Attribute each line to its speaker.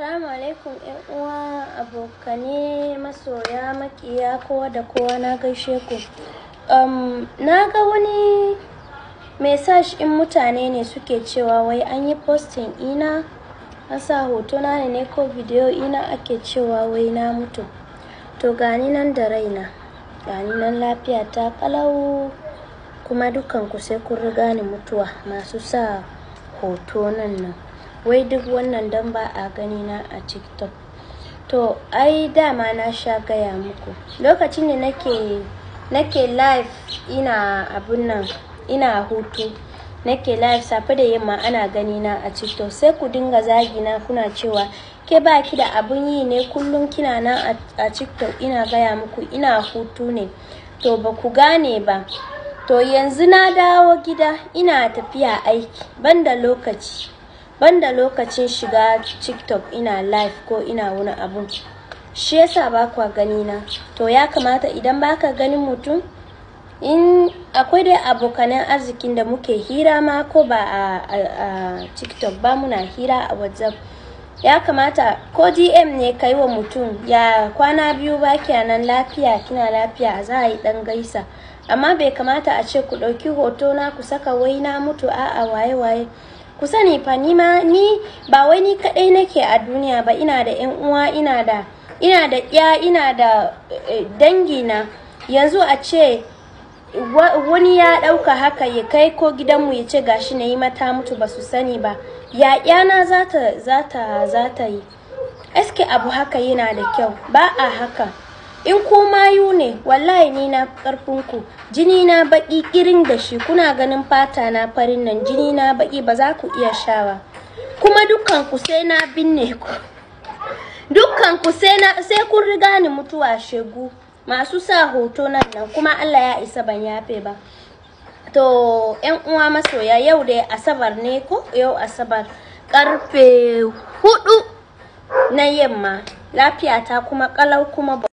Speaker 1: Assalamu alaikum uwa abokane masoya makiya kowa da kowa na gaishe ku. Um, na ga wani message in mutane ne suke cewa wai an yi posting ina an sa na ne ko video ina ake cewa wai na mutu. To gani nan da raina, gani nan lafiya ta kalau kuma dukanku sai kun riga ni mutuwa masu sa hotonan nan. wai duk wannan don ba a gani na a tiktok to ai dama na sha gaya muku lokacin da nake nake live ina abun nan ina hutu nake live safe da yamma ana gani na a tiktok sai ku dinga zagi na kuna cewa ke ba ki da abun yi ne kullum kina na a tiktok ina gaya muku ina hutu ne to ba ku gane ba to yanzu na dawo gida ina tafiya aiki banda lokaci banda lokacin shiga tiktok ina live ko ina wani abu shi yasa ba kwa gani na to ya kamata idan baka ganin mutum in akwai dai abokanan arzikin da muke hira ma ko ba a, tiktok ba muna hira a whatsapp ya kamata ko dm ne kai wa mutum ya kwana biyu ba nan lafiya kina lafiya za a yi dan gaisa amma bai kamata a ce ku ɗauki hoto na ku saka wai na mutu a'a waye waye ku sani fa ni ma ni ba wai ni kadai nake a duniya ba ina da yan uwa ina da ina da ya ina da eh, dangi na yanzu a ce wani ya ɗauka haka ya kai ko gidan mu ya ce gashi na yi mata mutu ba su sani ba ya yana zata zata zata yi eske abu haka yana da kyau ba a haka in ko mayu ne wallahi ni na karfin ku jini na baki irin da shi kuna ganin fata na farin nan jini na baki ba za ku iya shawa kuma dukkan ku sai na binne ku dukkan ku sai na sai kun riga ni mutuwa shegu masu sa hoto nan nan kuma Allah ya isa ban yafe ba to yan uwa masoya yau da asabar ne ko yau asabar karfe hudu na yamma lafiya ta kuma kalau kuma